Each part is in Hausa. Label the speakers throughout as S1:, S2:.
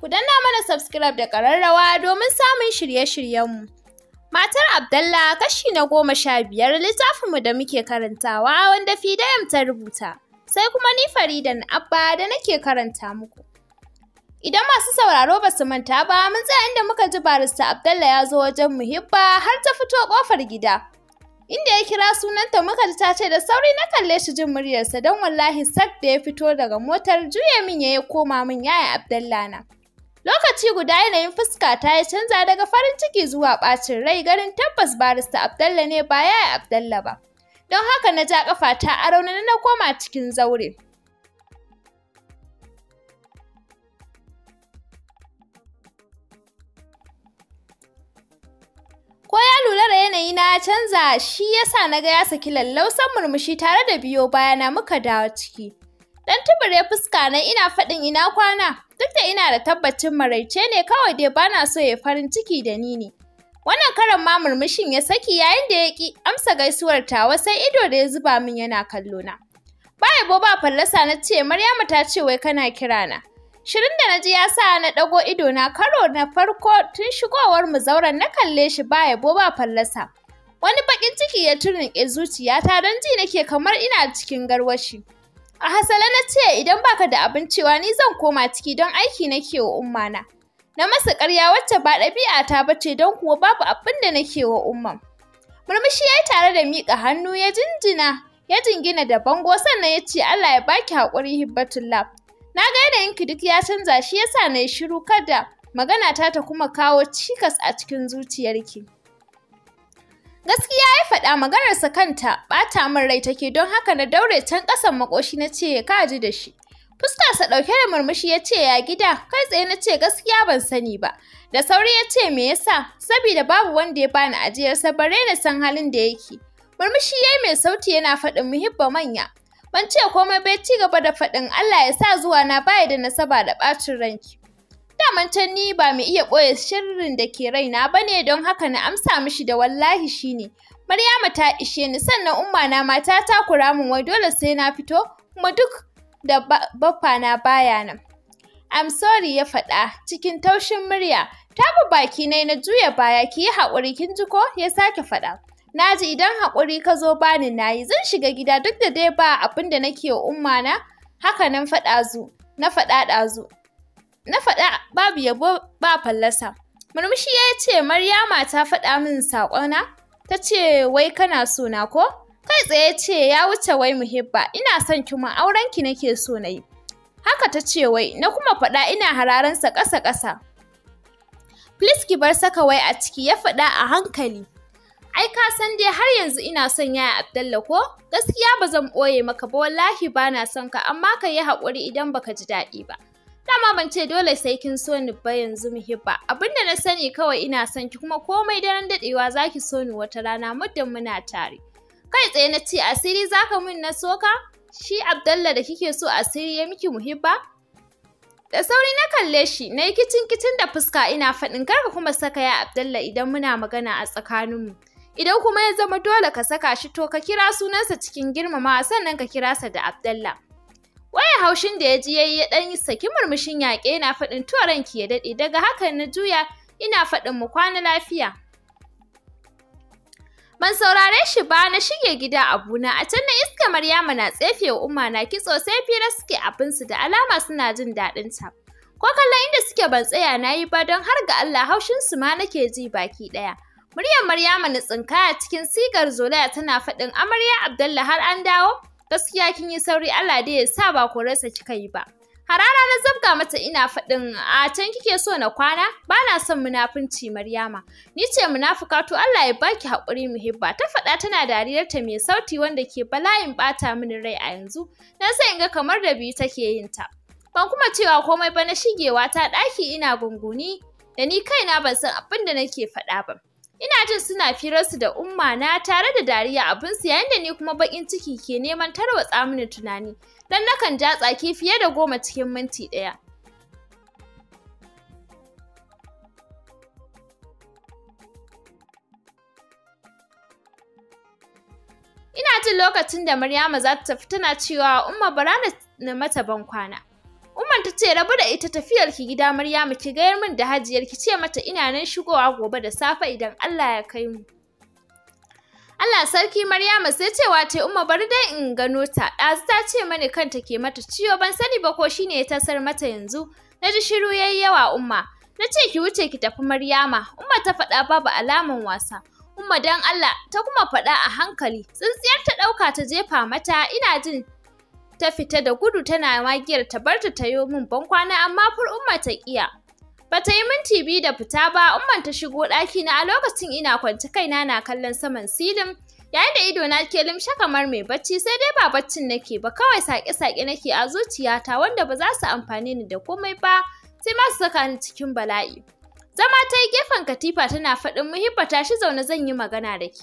S1: Ku danna mana subscribe da ƙararrawa domin samun shirye-shiryenmu. Matar Abdallah kashi na goma sha biyar littafinmu da muke karantawa wanda Fidayam ta rubuta. Sai kuma ni Farida na Abba da nake karanta muku. Idan masu sauraro ba su manta ba, mun tsaya inda muka ji barista Abdallah ya zo wajen muhibba har ta fito kofar gida. Inda ya kira sunanta muka ji ta ce da sauri na kalle shi jin muryarsa don wallahi sak da ya fito daga motar juya min ya koma min yaya Abdallah na. Lokaci guda yanayin fuska ta ya canza daga farin ciki zuwa ɓacin rai ganin tabbas barista Abdalla ne ba yaya Abdalla ba. Don haka na ja ƙafa ta a raunana na koma cikin zaure. Ko ya lura da yanayi na ya canza shi yasa na ga ya saki lallausan murmushi tare da biyo bayana muka dawo ciki. Dan tubure fuska na ina faɗin ina kwana, duk da ina da tabbacin maraice ne kawai dai bana so ya farin ciki da ni ne. Wannan karan ma murmushin ya saki yayin da ya ki amsa gaisuwar tawa sai ido da ya zuba min yana kallo na. Ba yabo ba fallasa na ce Maryamu ta ce wai kana kira na. Shirin da na ji ya sa na ɗago ido na karo na farko tun shigowar mu zauren na kalle shi ba yabo ba fallasa. Wani baƙin ciki ya turnuƙe zuciyata don ji nake kamar ina cikin garwashi. A hasala na ce idan baka da abin cewa ni zan koma ciki don aiki na wa umma na. Na masa ƙarya wacce ba ɗabi'a ta bace don kuwa babu abin da na ke wa umman. Murmushi ya yi tare da miƙa hannu ya jinjina ya jingina da bango sannan ya ce Allah ya baki haƙuri Hibbatullah. Na ga yanayinki duk ya canza shi ya sa na yi shiru kada magana ta ta kuma kawo cikas a cikin zuciyarki. Gaskiya ya faɗa maganarsa kanta ɓata min rai take don haka na daure can ƙasan makoshi na ce ka ji da shi. fuska sa ɗauke da murmushi ya ce ya gida, kai tsaye na ce gaskiya ban sani ba. Da sauri ya ce me yasa, saboda babu wanda ya bani ajiyarsa bare na san halin da yake. Murmushi yayi mai sauti yana faɗin muhibba manya. Ban ce komai bai ci gaba da faɗin Allah ya sa zuwa na baya da nasaba da ɓacin ranki. Daman can ni ba mu iya ɓoye sirrin da ke raina ba ne don haka na amsa mishi da wallahi shi ne. Maryama ta ishe ni sannan umma na mata ta kura min wai dole sai na fito kuma duk da baffa na baya nan. I'm sorry ya faɗa cikin taushin murya. ta Tabu baki nai na juya baya ki yi haƙuri kin ji ko ya sake faɗa. Na ji idan haƙuri ka zo bani na yi zan shiga gida duk da dai ba abin da nake umma na haka nan faɗa zu na faɗa ɗazu. na faɗa babu yabo ba fallasa. Murmushi ya ce Maryama ta faɗa min saƙona, ta ce wai kana so ko? Kai tsaye ce ya wuce wai muhibba, ina son kuma auren ki nake so na yi. Haka ta ce wai, na kuma faɗa ina hararansa ƙasa-ƙasa. Please ki bar saka wai a ciki ya faɗa a hankali. Ai ka san dai har yanzu ina son yaya Abdalla ko? Gaskiya ba zan ɓoye maka ba wallahi ba na son ka amma ka yi haƙuri idan baka ji daɗi ba. Dama ban ce dole sai kin so ni ba yanzu muhibba. Abinda na sani kawai ina son ki kuma komai daren dadewa zaki so ni wata rana muddin muna tare. Kai tsaye na ce asiri zaka min na soka? Shi Abdallah da kike so asiri ya miki Hibba? Da sauri na kalle shi, na yi kicin kicin da fuska ina faɗin kar ka kuma saka ya Abdallah idan muna magana a tsakaninmu. Idan kuma ya zama dole ka saka shi to ka kira sunansa cikin girmamawa sannan ka kira sa da Abdallah. Waya haushin da ya ji yayi ya ɗan saki murmushin yaƙe yana faɗin to ranki ya daɗe daga haka na juya ina faɗin mu kwana lafiya. Ban saurare shi ba na shige gida abuna a can na iska Maryama na tsefe wa umma na kitso sai fira suke abinsu da alama suna jin daɗin ta. Ko kallon inda suke ban tsaya na yi ba don har ga Allah haushin su ma nake ji baki ɗaya. Muryar Maryama na tsinkaya cikin sigar zolaya tana faɗin amarya Abdallah har an dawo. gaskiya kin yi sauri Allah dai ya sa ba ku rasa kika yi ba harara na zabga mata ina faɗin a can kike so na kwana ba na son munafunci maryama ni ce munafuka to allah ya baki haƙuri muhibba ta faɗa tana dariyarta mai sauti wanda ke bala'in ɓata mini rai a yanzu na sai in ga kamar da biyu take yin ta ban kuma cewa komai ba na shigewa ta ɗaki ina gunguni da ni kaina ban san abin da nake faɗa ba Ina jin suna firarsu da umma na tare da dariya abinsu yayin da ni kuma bakin ciki ke neman tarwatsa mini tunani. Dan nakan ja tsaki fiye da goma cikin minti ɗaya. Ina jin lokacin da Maryama za ta tafi tana cewa umma bara na mata ban kwana. Umman ta ce rabu da ita tafiyar ki gida Maryamu ki gayar min da hajiyar ki ce mata ina nan shigowa gobe da safe idan Allah ya kai mu. Allah sarki Maryamu sai cewa ta umma bari dai in gano ta ɗazu ta ce mani kanta ke mata ciwo ban sani ba ko shine ya tasar mata yanzu na ji shiru yayi yawa umma na ce ki wuce ki tafi Maryama umma ta faɗa babu alaman wasa umma dan Allah ta kuma faɗa a hankali tsintsiyar ta ɗauka ta jefa mata ina jin ta fita da gudu tana magiyar ta bar ta tayo min bankwana amma fur umma ta kiya. Bata yi minti biyu da fita ba umman ta shigo ɗaki na a lokacin ina kwance kaina na kallon saman silin yayin da ido na ke limshe kamar mai bacci sai dai ba baccin nake ba kawai sake-sake nake a zuciyata wanda ba za su amfane ni da komai ba sai ma su saka ni cikin bala'i. Zama ta yi gefen katifa tana faɗin muhibba shi zaune zan yi magana da ki.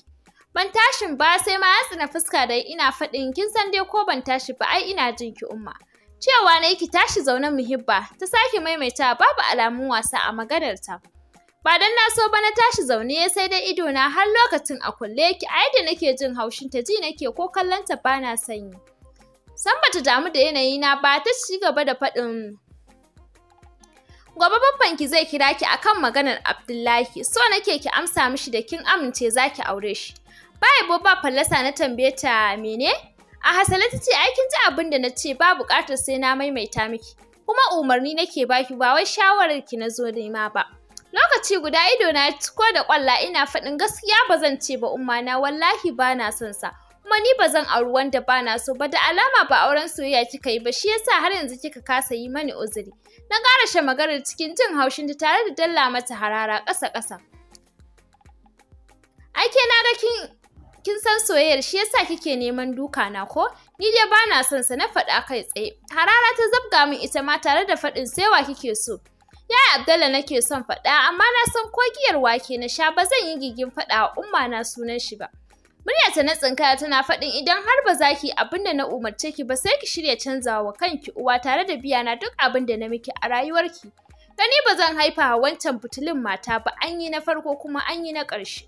S1: Ban tashin ba sai ma ya fuska da ina faɗin kin san dai ko ban tashi ba ai ina jin ki umma. Cewa na ki tashi zaune muhibba ta sake maimaita babu alamun wasa a maganar ta. Ba dan na so ba na tashi zaune sai dai ido na har lokacin a kulle ki a yadda nake jin haushin ta ji nake ko kallon ta bana sanyi. San bata damu da yanayi na ba ta ci gaba da faɗin Gobe babban ki zai kira ki akan maganar Abdullahi, so nake ki amsa mishi da kin amince zaki aure shi. Bai ba fallasa na tambaye ta mene? A hasale ta ce ai kin ji abin da na ce ba bukatar sai na maimaita miki. Kuma umarni nake baki ba wai shawarar ki na zo nema ba. Lokaci guda ido na ko da kwalla ina faɗin gaskiya ba zan ce ba umma na wallahi ba na son sa. Kuma ni ba zan auri wanda ba na so ba da alama ba auren soyayya kika yi ba shi yasa har yanzu kika kasa yi mani uzuri. Na ƙarashe maganar cikin jin haushinta tare da dalla mata harara ƙasa-ƙasa. Aike na ga kin kin san soyayyar shi yasa kike neman duka na ko? Ni dai ba na son sa na faɗa kai tsaye. Harara ta zabga min ita ma tare da faɗin saiwa kike so. Ya Abdalla nake son faɗa amma na san ko giyar wake na sha ba zan yi gigin faɗa umma na sunan shi ba. Muryarta na tsinkaya tana faɗin idan har ba za ki abin da na umarce ki ba sai ki shirya canzawa wa kanki uwa tare da biya na duk abin da na miki a rayuwarki. Gani ba zan haifa wancan fitilin mata ba an yi na farko kuma an yi na ƙarshe.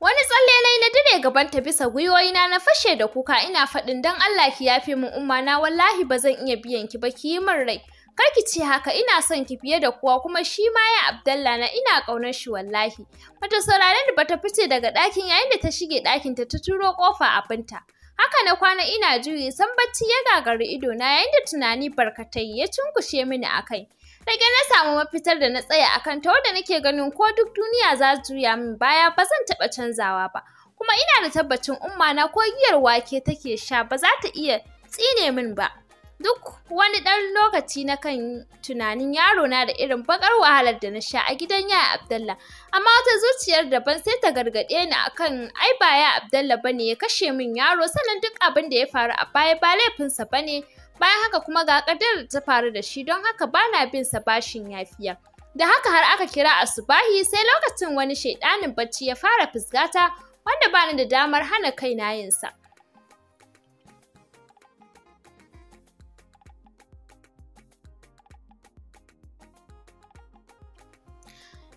S1: Wani tsalle na na dire gabanta bisa gwiwoyina na fashe da kuka ina faɗin don Allah ki yafe min umma na wallahi ba zan iya biyan ki ba ki yi min rai. Kar ki ce haka ina son ki fiye da kowa kuma shi ma ya Abdallah na ina kaunar shi wallahi. Mata saurare da bata fice daga ɗakin yayin da ta shige ɗakinta ta ta turo ƙofa abinta. Haka na kwana ina juyi san bacci ya gagari ido na yayin da tunani barkatai ya cunkushe mini a kai. Rage na samu mafitar da na tsaya akan ta wanda nake ganin ko duk duniya za juya min baya ba zan taɓa canzawa ba. Kuma ina da tabbacin umma na ko giyar wake take sha ba za ta iya tsine min ba. Duk wani ɗan lokaci na kan tunanin yaro na da irin bakar wahalar da na sha a gidan ya abdalla Amma wata zuciyar daban sai ta gargaɗe ni akan ai ba ya Abdallah bane ya kashe min yaro sannan duk abin da ya faru a baya ba laifinsa bane. Bayan haka kuma ga da ta faru da shi don haka bana bin sa bashin yafiya. Da haka har aka kira asubahi sai lokacin wani shaidanin bacci ya fara fusgata wanda bani da damar hana kaina yinsa.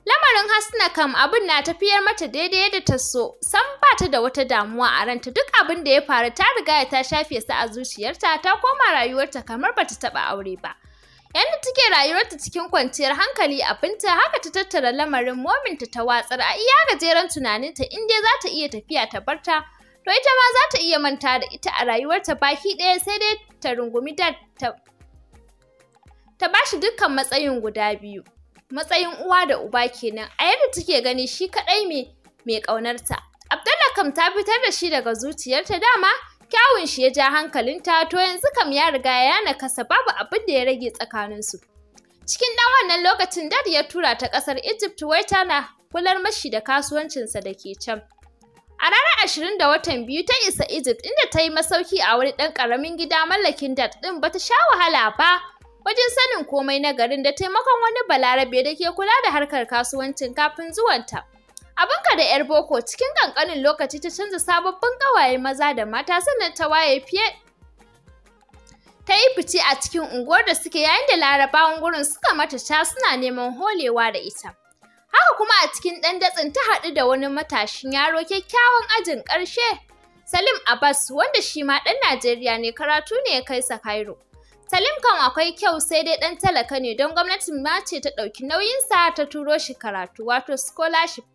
S1: Lamarin Hasna kam abin na tafiyar mata daidai da ta so, san ba ta da wata damuwa a ranta duk abin da ya faru ta riga ta shafe su a zuciyarta ta koma rayuwarta kamar bata taba aure ba. Yadda take rayuwarta cikin kwanciyar hankali abinta haka ta tattara lamarin mominta ta watsar a iya gajeren tunaninta in dai za ta iya tafiya ta barta to ita ma za ta iya manta da ita a rayuwarta baki ɗaya sai dai ta rungumi da ta bashi dukkan matsayin guda biyu. matsayin uwa da uba kenan a yadda take gani shi kaɗai me mai ƙaunarta. Abdalla kam ta fitar da shi daga zuciyarta dama kyawun shi ya ja hankalinta to yanzu kam ya riga ya nakasa babu abin da ya rage tsakaninsu. Cikin ɗan wannan lokacin dad ya tura ta ƙasar Egypt wai tana kular mashi da kasuwancinsa da ke can. A ranar ashirin da watan biyu ta isa Egypt inda ta yi masauki a wani ɗan karamin gida mallakin dad ɗin bata sha wahala ba wajen sanin komai na garin da taimakon wani balarabe da ke kula da harkar kasuwancin kafin zuwanta. Abinka da 'yar boko cikin ƙanƙanin lokaci ta canza sababbin ƙawaye maza da mata sannan ta waye fiye ta yi fice a cikin unguwar da suke yayin da larabawan gurin suka mata sha suna neman holewa da ita. Haka kuma a cikin ɗan datsin ta haɗu da wani matashin yaro kyakkyawan ajin ƙarshe Salim Abbas wanda shi ma ɗan Najeriya ne karatu ne ya kai sa Cairo. Salim kan akwai kyau sai dai ɗan talaka ne don gwamnatin ma ce ta ɗauki sa ta turo shi karatu wato scholarship.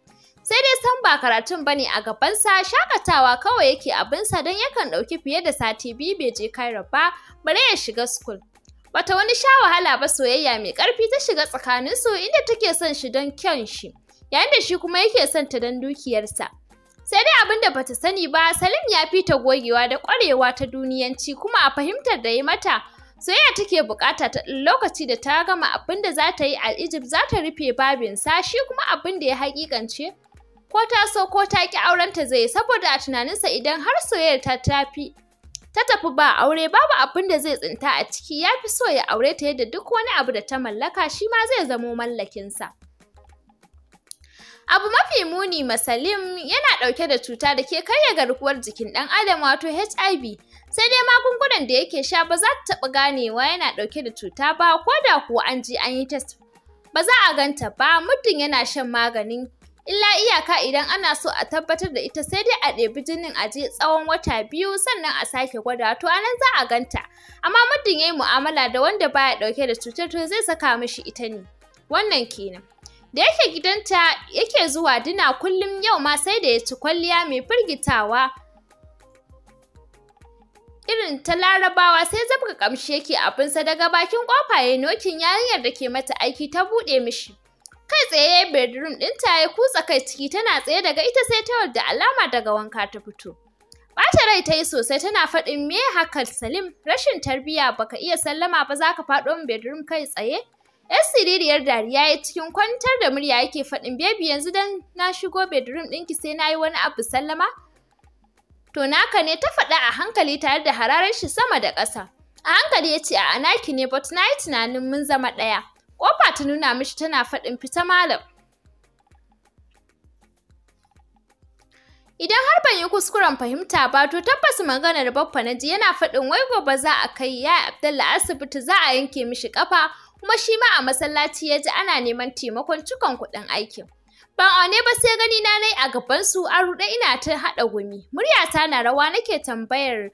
S1: Sai dai san ba karatun bane a gaban sa shakatawa kawai yake sa don yakan ɗauki fiye da sati biyu bai je Cairo ba bare ya shiga school. Bata wani sha wahala ba soyayya mai ƙarfi ta shiga tsakanin su inda take son shi don kyan shi, yayin da shi kuma yake son ta don dukiyarsa. Sai dai abin da bata sani ba, Salim ya fi ta gogewa da ƙwarewa ta duniyanci kuma a fahimtar da ya mata Soyayya take bukata ta lokaci da ta gama abin da za ta yi a Egypt za ta rufe babinsa shi kuma abin da ya hakikance ko ta so ko ta ki ta zai saboda a tunaninsa idan har soyayyar ta tafi ta tafi ba aure babu abin da zai tsinta a ciki ya fi so ya aure ta yadda duk wani abu da ta mallaka shi ma zai zamo mallakinsa. Abu mafi muni masalim yana ɗauke da cuta da ke karya garkuwar jikin ɗan adam wato HIV sai dai magungunan da yake sha ba za ta taɓa ganewa yana ɗauke da cuta ba ko da kuwa an je an yi test ba za a ganta ba muddin yana shan maganin illa iyaka idan ana so a tabbatar da ita sai dai a ɗebi jinin a je tsawon wata biyu sannan a sake gwada to anan za a ganta amma muddin yayi mu'amala da wanda baya ɗauke da cutar to zai saka mishi ita ne wannan kenan da yake gidanta yake zuwa dina kullum yau ma sai da ya ci kwalliya mai firgitawa irin ta larabawa sai zabga kamshi yake abinsa daga bakin kofa ya nokin yarinyar da ke mata aiki ta buɗe mishi kai tsaye ya bedroom ta ya kutsa kai ciki tana tsaye daga ita sai ta yarda alama daga wanka ta fito Bata rai ta yi sosai tana faɗin me hakan Salim rashin tarbiyya baka iya sallama ba za ka faɗo min bedroom kai tsaye. yar siririyar dariya ya cikin kwantar da murya yake faɗin bebi yanzu dan na shigo bedroom ɗinki sai na yi wani abu sallama. To naka ne ta faɗa a hankali tare da hararar shi sama da ƙasa. A hankali ya ce a naki ne but na yi tunanin mun zama ɗaya. Ƙofa ta nuna mishi tana faɗin fita malam. Idan har ban yi kuskuren fahimta ba to tabbas maganar Baffa na ji yana faɗin wai gobe za a kai ya Abdalla asibiti za a yanke mishi ƙafa, kuma shi ma a masallaci ya ji ana neman taimakon cikon kuɗin aikin. Ban aune ba sai gani na nayi a gaban su a ruɗe ina ta haɗa gumi. murya ta na rawa nake tambayar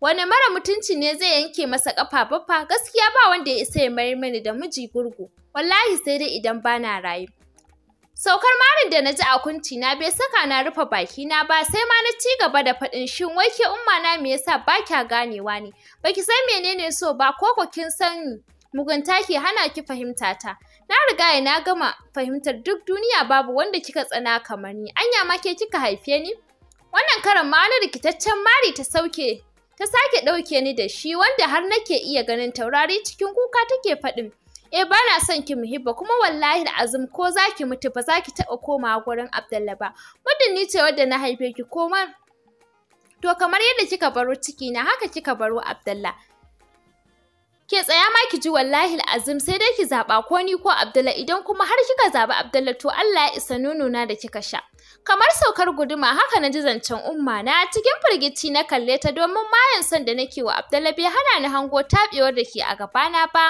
S1: wani mara mutunci ne zai yanke masa ƙafa baffa gaskiya ba wanda ya isa ya mayar mani da miji gurgu. Wallahi sai dai idan bana rayu. Saukar marin da na ji a kunci na bai saka na rufe baki na ba sai ma na ci gaba da faɗin shin wai ke umma na me yasa ba kya ganewa ne? Baki san menene so ba ko kin sani mugunta ke hana ki fahimta ta. Na riga ya na gama fahimtar duk duniya babu wanda kika tsana kamar ni. Anya ma ke kika haife ni? Wannan karan ma wani rikitaccen mari ta sauke ta sake ɗauke ni da shi wanda har nake iya ganin taurari cikin kuka take faɗin. Eh ba na son ki muhibba kuma wallahi azum ko zaki mutu ba zaki ki taɓa komawa gurin Abdullahi ba. Muddin ni ce wadda na haife ki koma. To kamar yadda kika baro ciki na haka kika baro Abdullahi. Ke tsaya ma ki ji wallahi azim sai dai ki zaɓa ko ni ko Abdullah idan kuma har kika zaɓi Abdullah to Allah ya isa na da kika sha. Kamar saukar guduma haka na ji zancen umma na cikin firgici na kalle ta domin mayan son da nake wa Abdullah bai hana ni hango tabewar da ke a gabana ba.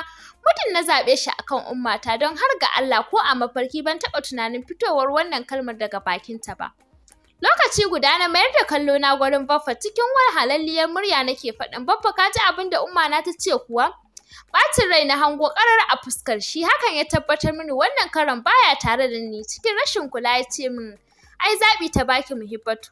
S1: Mutum na zaɓe shi akan umma ta don har ga Allah ko a mafarki ban taɓa tunanin fitowar wannan kalmar daga bakinta ba. Lokaci guda na mayar da kallo na gurin baffa cikin wahalalliyar murya nake faɗin baffa ka ji abin da umma na ta ce kuwa? Ɓacin rai na hango ƙarar a fuskar shi hakan ya tabbatar mini wannan karon baya tare da ni cikin rashin kula ya ce min ai zaɓi ta baki muhibbatu.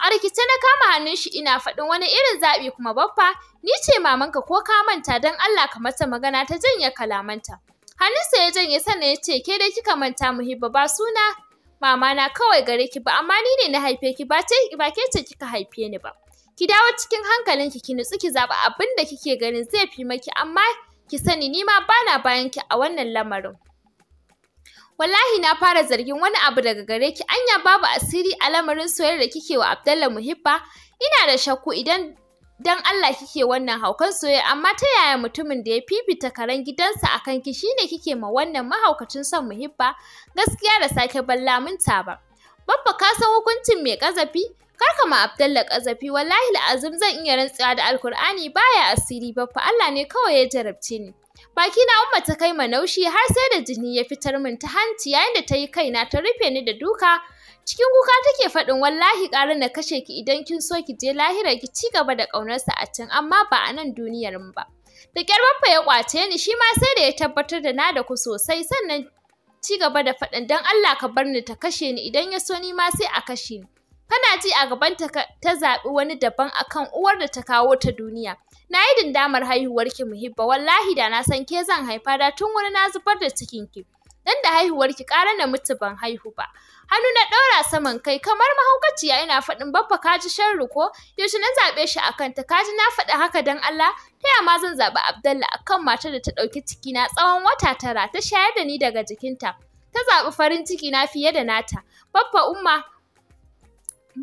S1: A rikice na kama hannun shi ina faɗin wani irin zaɓi kuma baffa ni ce mamanka ko ka manta don Allah ka mata magana ta janye kalamanta. Hannun Hannunsa ya janye sannan ya ce ke dai kika manta muhibba ba suna mama na kawai gare ki ba amma ni ne na haife ki ba ke ce kika haife ni ba. Ki dawo cikin hankalinki ki nutsu ki zaɓi abin da kike ganin zai fi maki amma ki sani ni ma bana bayan ki a wannan lamarin. Wallahi na fara zargin wani abu daga gare ki anya babu asiri a lamarin soyayyar da kike wa Abdallah Muhibba ina da shakku idan dan Allah kike wannan haukan soyayya amma ta yaya mutumin da ya fifita karen gidansa akan ki shine kike ma wannan mahaukacin son Muhibba gaskiya da sake ban ta ba. Babba ka san hukuncin mai ƙazafi. Kar ka ma Abdalla ƙazafi wallahi zan iya rantsuwa da Alkur'ani baya asiri ba fa Allah ne kawai ya jarabce ni. Baki na umma ta kai naushi, har sai da jini ya fitar min ta hanci yayin da ta yi kaina ta rufe ni da duka. Cikin kuka take faɗin wallahi ƙara na kashe ki idan kin so ki je lahira ki ci gaba da ƙaunarsa a can amma ba a nan duniyar mu ba. Da ƙyar baffa ya ƙwace ni shi ma sai da ya tabbatar da na da ku sosai sannan ci gaba da faɗin don Allah ka bar ni ta kashe ni idan ya so ni ma sai a kashe ni. kana ji a gabanta ta zaɓi wani daban akan uwar da ta kawo ta duniya na yi dindamar haihuwarki muhibba wallahi da na san ke zan haifa da tun wani na zubar da cikin ki dan da haihuwarki ƙara na mutu ban haihu ba hannu na ɗora saman kai kamar mahaukaci mahaukaciya ina faɗin babba kaji sharru ko yaushe na zaɓe shi a kanta kaji na faɗi haka dan Allah ta ma zan zaɓi Abdalla akan matar da ta ɗauki ciki na tsawon wata tara ta shayar da ni daga jikinta ta zaɓi farin ciki na fiye da nata babba umma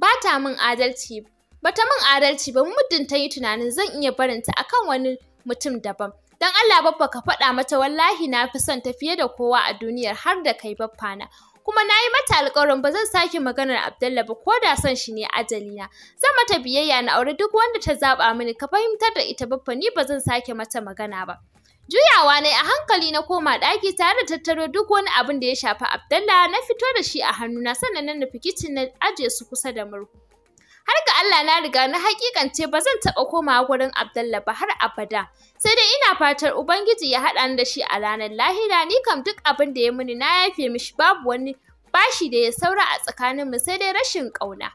S1: ba ta min adalci ba ta min adalci ba muddin ta yi tunanin zan iya barin ta akan wani mutum daban dan Allah babba ka faɗa mata wallahi na fi son ta fiye da kowa a duniyar har da kai babba na kuma na yi mata alƙawarin ba zan sake maganar Abdalla ba ko da son shi ne ajali na. Zan mata biyayya na aure duk wanda ta zaɓa mini ka fahimtar da ita babba ni ba zan sake mata magana ba. Juyawa ne a hankali na koma ɗaki tare da tattaro duk wani abin da ya shafi Abdallah na fito da shi a hannuna sannan na nufi kicin na ajiye su kusa da murhu. Har ga Allah na riga na hakikance ba zan taɓa komawa gurin Abdallah ba har abada. Sai dai ina fatar Ubangiji ya haɗa ni da shi a ranar lahira ni kam duk abin da ya muni na yafe mishi babu wani bashi da ya saura a tsakaninmu sai dai rashin ƙauna.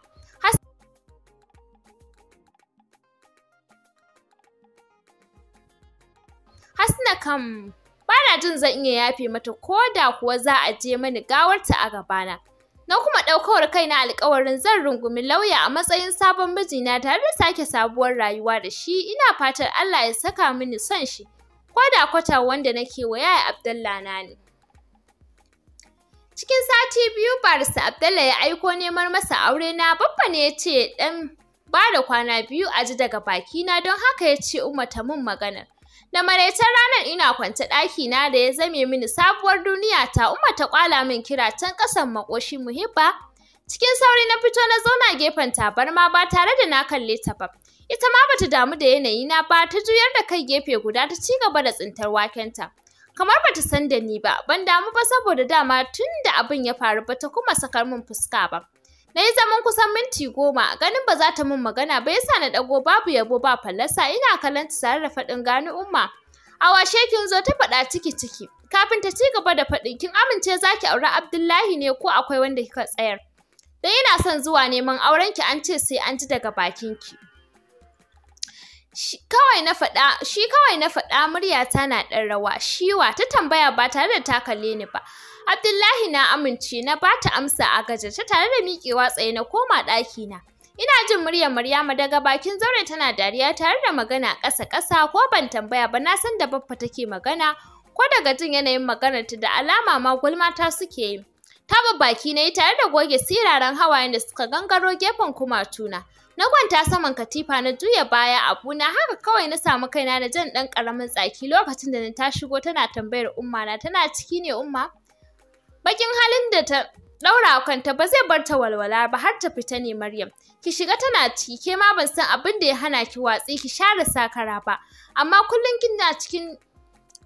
S1: Hasna kam ba na jin zan iya yafe mata ko da kuwa za a je mani gawarta a gabana. Na kuma ɗaukawar kaina alkawarin zan rungumi lauya a matsayin sabon mijina tare da sake sabuwar rayuwa da shi ina fatar Allah ya saka mini son shi ko da kwata wanda nake wa yaya Abdallah na ne. Cikin sati biyu barista Abdallah ya aiko neman masa aure na babba ne ya ce ɗan bada kwana biyu a ji daga na, don haka ya ce Umma ta mun maganar. Da maraicen ranar ina kwance na da ya zame mini sabuwar duniya ta Umma ta kwala min kira can ƙasan makoshi muhibba. Cikin sauri na fito na zauna gefen tabarma ba tare da na kalle ta ba. Ita ma bata damu da yanayi na ba ta juyar da kai gefe guda ta ci gaba da tsintar waken ta Kamar bata san da ni ba, ban damu ba saboda dama tunda abin ya faru bata kuma sakar min fuska ba. Na yi zaman kusan minti goma, ganin ba za ta min magana ba yasa na ɗago babu yabo ba fallasa ina kalanta tare da faɗin gani umma. A washe kin zo ta faɗa ciki ciki. Kafin ta ci gaba da faɗin kin amince za ki auri Abdullahi ne ko akwai wanda kika tsayar. Dan ina son zuwa neman aurenki an ce sai an ji daga bakinki. Kawai na faɗa, shi kawai na faɗa murya tana ɗan rawa, shiwa ta tambaya ba tare da ta kalle ni ba. Abdullahi na amince na ba ta amsa a gajarce tare da miƙewa tsaye na koma ɗaki na. Ina jin muryar Maryama daga bakin zaure tana dariya tare da magana ƙasa-ƙasa ko ban tambaya ba na san da baffa take magana ko daga jin yanayin maganarta da alama ma gulmata suke yi. Taba baki na yi tare da goge siraran hawayen da suka gangaro gefen kumatuna. Na kwanta saman katifa na juya baya a buna. haka kawai na samu kaina na jan ɗan ƙaramin tsaki lokacin da na ta shigo tana tambayar umma na tana ciki ne umma? Bakin halin da ta ɗaura kanta ba zai bar ta walwala ba har ta fita ne Maryam. Ki shiga tana ciki ke ma ban san abin da ya hana ki watsi ki share sakara ba. Amma kullum kina cikin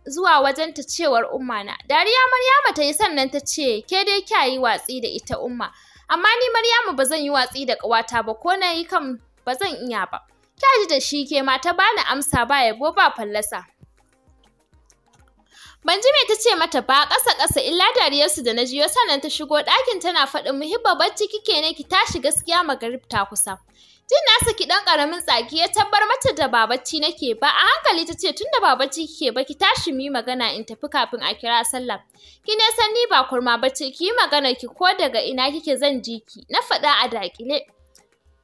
S1: zuwa wajen ta cewar umma na. Dariya Maryama ta yi sannan ta ce ke dai kya yi watsi da ita umma. Amma ni Maryama ba zan yi watsi da ƙawata ba ko na yi kan ba zan iya ba. Kya ji da shi ke ma ta bani amsa ba yabo ba fallasa. Ban ji mai ta ce mata ba ƙasa ƙasa illa dariyarsu da na jiyo. Sannan ta shigo ɗakin tana faɗin muhibba bacci kike ne ki tashi gaskiya magarib ta kusa. Jin nasa ki ɗan ƙaramin tsaki ya tabbar mata da babaci bacci nake ba a hankali ta ce tun da ba kike ba ki tashi mu yi magana in tafi kafin a kira sallah. Ki ne san ni ba kurma bacci ki yi magana ki ko daga ina kike zan ji ki na faɗa a daƙile.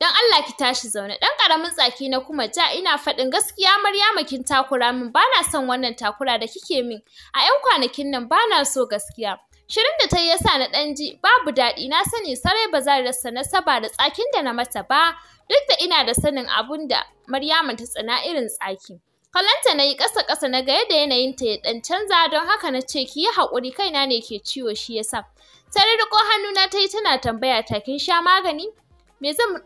S1: don Allah ki tashi zaune dan karamin tsaki na kuma ja ina faɗin gaskiya Maryama kin takura min bana son wannan takura da kike min a 'yan kwanakin nan bana so gaskiya shirin da ta yi yasa na ɗan ji babu daɗi na sani sarai ba za rasa nasaba da tsakin da na mata ba duk da ina da sanin abun da Maryama ta tsana irin tsaki Kallonta na yi ƙasa-ƙasa na ga yadda ta ya ɗan canza don haka na ce ki yi haƙuri kaina ne ke ciwo shi yasa. Ta riƙo hannuna ta yi tana tambaya ta kin sha magani? Me zan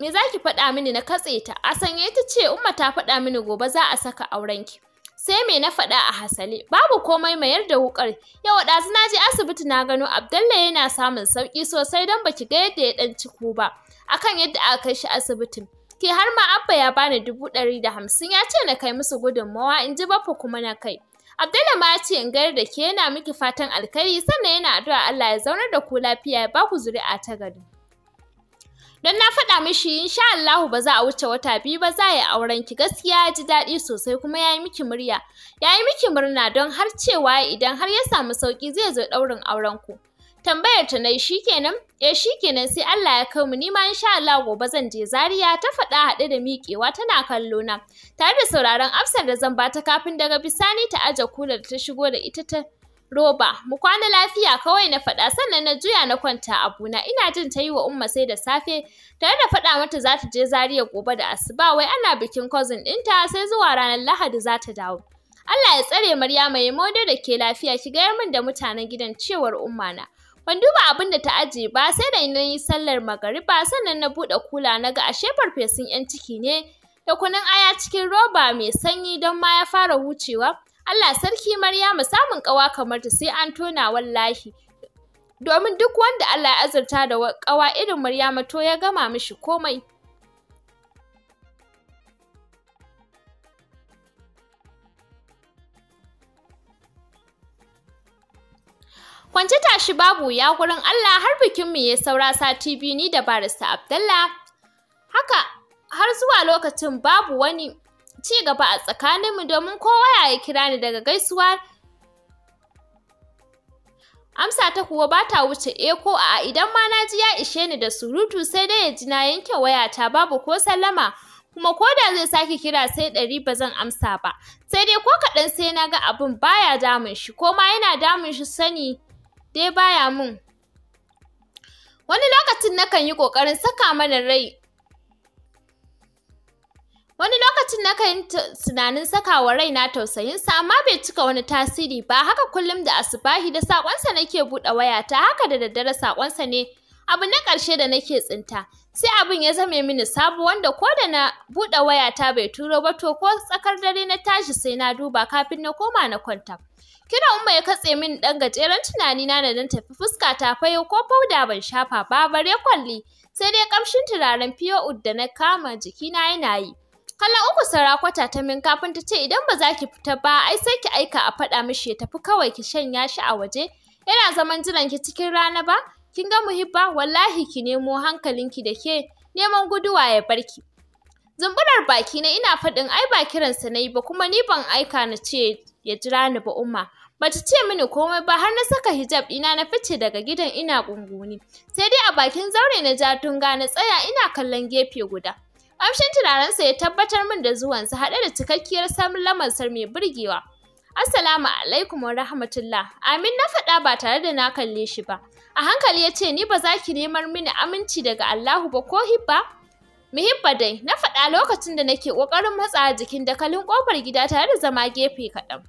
S1: me za ki faɗa mini na katse ta a sanye ta ce umma ta faɗa mini gobe za a saka aurenki sai me na faɗa a hasale babu komai mayar da wukar yau da na je asibiti na gano abdalla yana samun sauki sosai don baki ga yadda ya ɗan ciko ba akan yadda aka kai shi asibitin ke har ma abba ya bani dubu ɗari da hamsin ya ce na kai musu gudunmawa in ji baffa kuma na kai Abdalla ma ya ce in gayar da ke yana miki fatan alkhairi sannan yana addu'a Allah ya zaunar da ku lafiya ya ba ku zuri'a ta gari. don na faɗa mishi insha Allah ba za a wuce wata biyu ba za yi auren ki gaskiya ya ji daɗi sosai kuma ya yi miki murya ya miki murna don har cewa idan har ya samu sauki zai zo ɗaurin auren ku tambayar ta nayi shikenan eh shikenan sai Allah ya kai mu ni ma insha Allah gobe zan je Zaria ta faɗa haɗe da miƙewa tana kallo na tare da sauraron afsar da zan ba ta kafin daga bisani ta aje kular ta shigo da ita ta roba mu kwana lafiya kawai na faɗa sannan na juya na kwanta abuna ina jin ta yi wa umma sai da safe tare da faɗa mata za ta je zaria gobe da asuba wai ana bikin cousin ɗinta sai zuwa ranar lahadi za ta dawo Allah ya tsare Marya mai mode da ke lafiya ki gayar min da mutanen gidan cewar umma na ban duba abin da ta aje ba sai da na yi sallar magariba sannan na buɗe kula na ga ashe farfesun yan ciki ne da kunun aya cikin roba mai sanyi don ma ya fara hucewa Allah sarki Maryamu samun kawa kamar ta sai an tona wallahi. Domin duk wanda Allah ya azurta da ƙawa irin Maryamu to ya gama mishi komai. Kwance tashi babu ya gurin Allah har bikinmu ya saura sati biyu ni da barista Abdallah. Haka har zuwa lokacin babu wani ci gaba a tsakaninmu domin kowa waya ya kira ni daga gaisuwa amsa ta kuwa ba ta wuce e ko a idan ma na ji ya ishe ni da surutu sai dai ya ji na yanke wayata babu ko sallama kuma ko da zai sake kira sai ɗari ba zan amsa ba sai dai ko kaɗan sai na ga abin baya damun shi ko ma yana damun shi sani dai baya mun wani lokacin nakan yi ƙoƙarin saka mana rai Wani lokacin na yi tunanin sakawa raina tausayinsa amma bai cika wani tasiri ba haka kullum da asubahi da sakonsa nake buɗe wayata haka da daddare sakonsa ne abu na karshe da nake tsinta sai abin ya zame mini sabuwar wanda ko da na buɗe ta bai turo ba to ko tsakar dare na tashi sai na duba kafin na koma na kwanta. Kira Umma ya katse min ɗan gajeren tunani na da dan tafi fuska ta fayo ko fauda ban shafa ba bare kwalli sai dai kamshin turaren fiyo da na kama jikina yana yi. Kallon uku sarakwata ta min kafin ta ce idan ba za ki fita ba ai sai ki aika a faɗa mishi ya tafi kawai ki shanya shi a waje. Yana zaman jiran ki cikin rana ba? Kin ga muhibba wallahi ki nemo hankalinki da ke neman guduwa ya barki. Zumburar baki na ina faɗin ai ba kiransa na yi ba kuma ni ban aika na ce ya jira ni ba umma. Bata ce mini komai ba har na saka hijab ɗina na fice daga gidan ina gunguni. Sai dai a bakin zaure na ja tunga na tsaya ina kallon gefe guda. Amshin tunaninsa ya tabbatar min da zuwansa haɗe da cikakkiyar samun lamarsar mai burgewa. Assalamu alaikum wa rahmatullah. Amin na faɗa ba tare da na kalle shi ba. A hankali ya ce ni ba za ki nemar mini aminci daga Allahu ba ko hibba? Muhibba dai na faɗa lokacin da nake ƙoƙarin matsa jikin dakalin ƙofar gida tare da zama gefe kaɗan.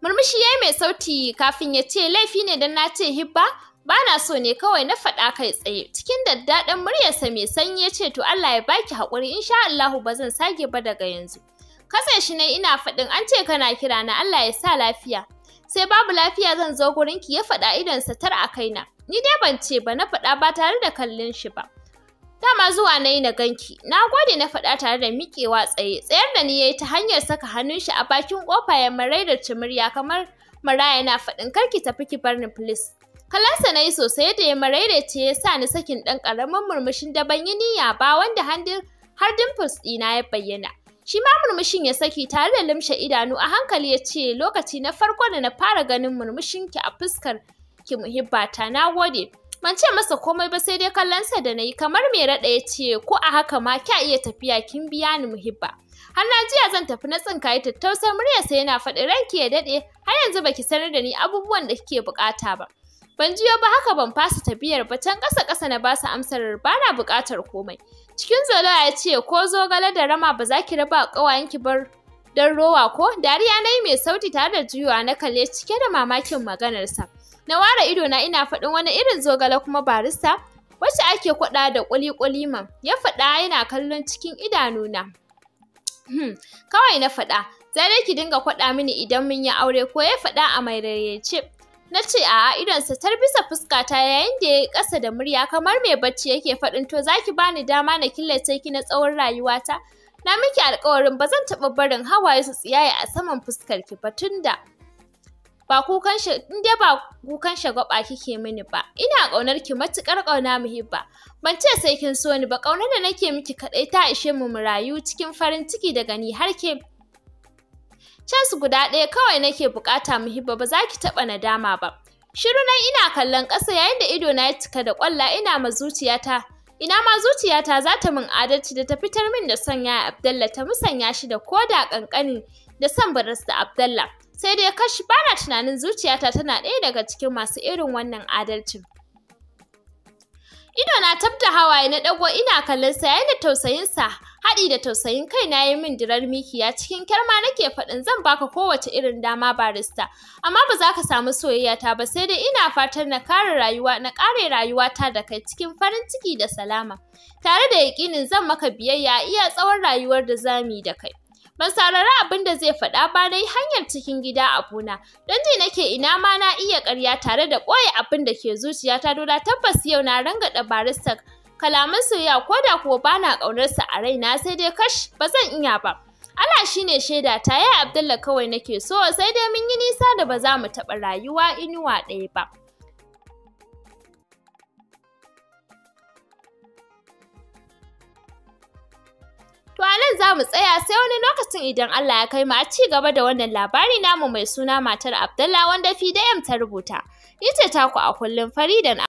S1: Murmushi ya yi mai sauti kafin ya ce laifi ne don na ce hibba ba na so ne kawai na faɗa kai tsaye cikin daddaɗan muryarsa mai sanyi ya ce to Allah ya baki haƙuri sha Allahu ba zan sage ba daga yanzu katse shi ne ina faɗin an ce kana kira na Allah ya sa lafiya sai babu lafiya zan zo gurin ki ya faɗa idonsa tar a kaina ni dai ban ce ba na faɗa ba tare da kallon shi ba dama zuwa na yi na ganki na gode na faɗa tare da miƙewa tsaye tsayar da ni ya yi ta hanyar saka hannun shi a bakin kofa ya marai da cimir kamar maraya na faɗin kar ki tafi ki barni please Kalansa na yi sosai da ya maraidaice ya sa ni sakin ɗan ƙaramin murmushin da ban yi niyya ba wanda handin har dimples ɗina ya bayyana. Shi ma murmushin ya saki tare da limshe idanu a hankali ya ce lokaci na farko da na fara ganin murmushin ki a fuskar ki muhibbata na gode. Ban ce masa komai ba sai dai kallonsa da na yi kamar mai raɗa ya ce ko a haka ma kya iya tafiya kin biya ni muhibba. har na jiya zan tafi na tsinka yi tattausar muryarsa yana faɗi ranki ya daɗe har yanzu baki sanar da ni abubuwan da kike buƙata ba Ban jiyo ba haka ban fasa tafiyar ba can kasa-kasa na basa amsar ba na buƙatar komai. Cikin zolo ya ce ko zogale da rama ba za ki raba ƙawayen ki bar don rowa ko dariya na yi mai sauti tare da juyowa na kalle cike da mamakin maganarsa. Na ware ido na ina faɗin wani irin zogale kuma barista wacce ake kwaɗa da kuli kuli man ya faɗa yana kallon cikin idanuna. Hmm, kawai na faɗa, za ki dinga kwaɗa mini idan mun yi aure ko ya faɗa a mai mairayace. Na ce a'a idonsa tar bisa fuskata yayin da ya yi ƙasa da murya kamar mai bacci yake faɗin to za ki bani dama na killace ki na tsawon rayuwata. Na miki alƙawarin ba zan taɓa barin hawaye su tsiyaye a saman fuskar ki ba tunda ba shi in dai ba kukan shagwaba kike mini ba. Ina ƙaunar ki matuƙar ƙauna muhibba. Ban ce sai kin so ni ba ƙaunar da nake miki kaɗai ta ishe mu mu rayu cikin farin ciki daga ni har ke. Chance guda ɗaya kawai nake bukata Muhibba ba za ki taɓa nadama ba. Shiru nan ina kallon ƙasa yayin da ido na ya cika da ƙwalla ina ma zuciyata ina ma zuciyata za ta min adalci da ta fitar min da son ya Abdalla ta musanya shi da koda kankanin da son baras da Abdalla sai dai kashi bana tunanin zuciyata tana ɗaya daga cikin masu irin wannan adalcin Ido na tab hawaye na dago ina kallon sa yayin da tausayin sa haɗi da tausayin kai na yi min dirar mikiya cikin kyarma nake faɗin zan baka kowace irin dama barista amma ba za ka samu soyayya ta ba sai dai ina fatan na kare rayuwa na kare rayuwa ta da kai cikin farin ciki da salama tare da yaƙinin zan maka biyayya iya tsawon rayuwar da zamu yi da kai. Ban saurari abin da zai faɗa ba na hanyar cikin gida abuna. Don ji nake ina ma na iya ƙarya tare da ɓoye abin da ke zuciyata dola tabbas yau na rangaɗa barista kalaman soyayya ko da kuwa bana ƙaunarsa a raina sai dai kash ba zan iya ba. Allah shine shaida ta yaya Abdullah kawai nake so sai dai mun yi nisa da ba za mu taɓa rayuwa inuwa ɗaya ba. To a nan za mu tsaya sai wani lokacin idan Allah ya kai mu a ci gaba da wannan labari namu mai suna matar Abdallah wanda Fidayam ta rubuta. Ni ce taku a kullum Farida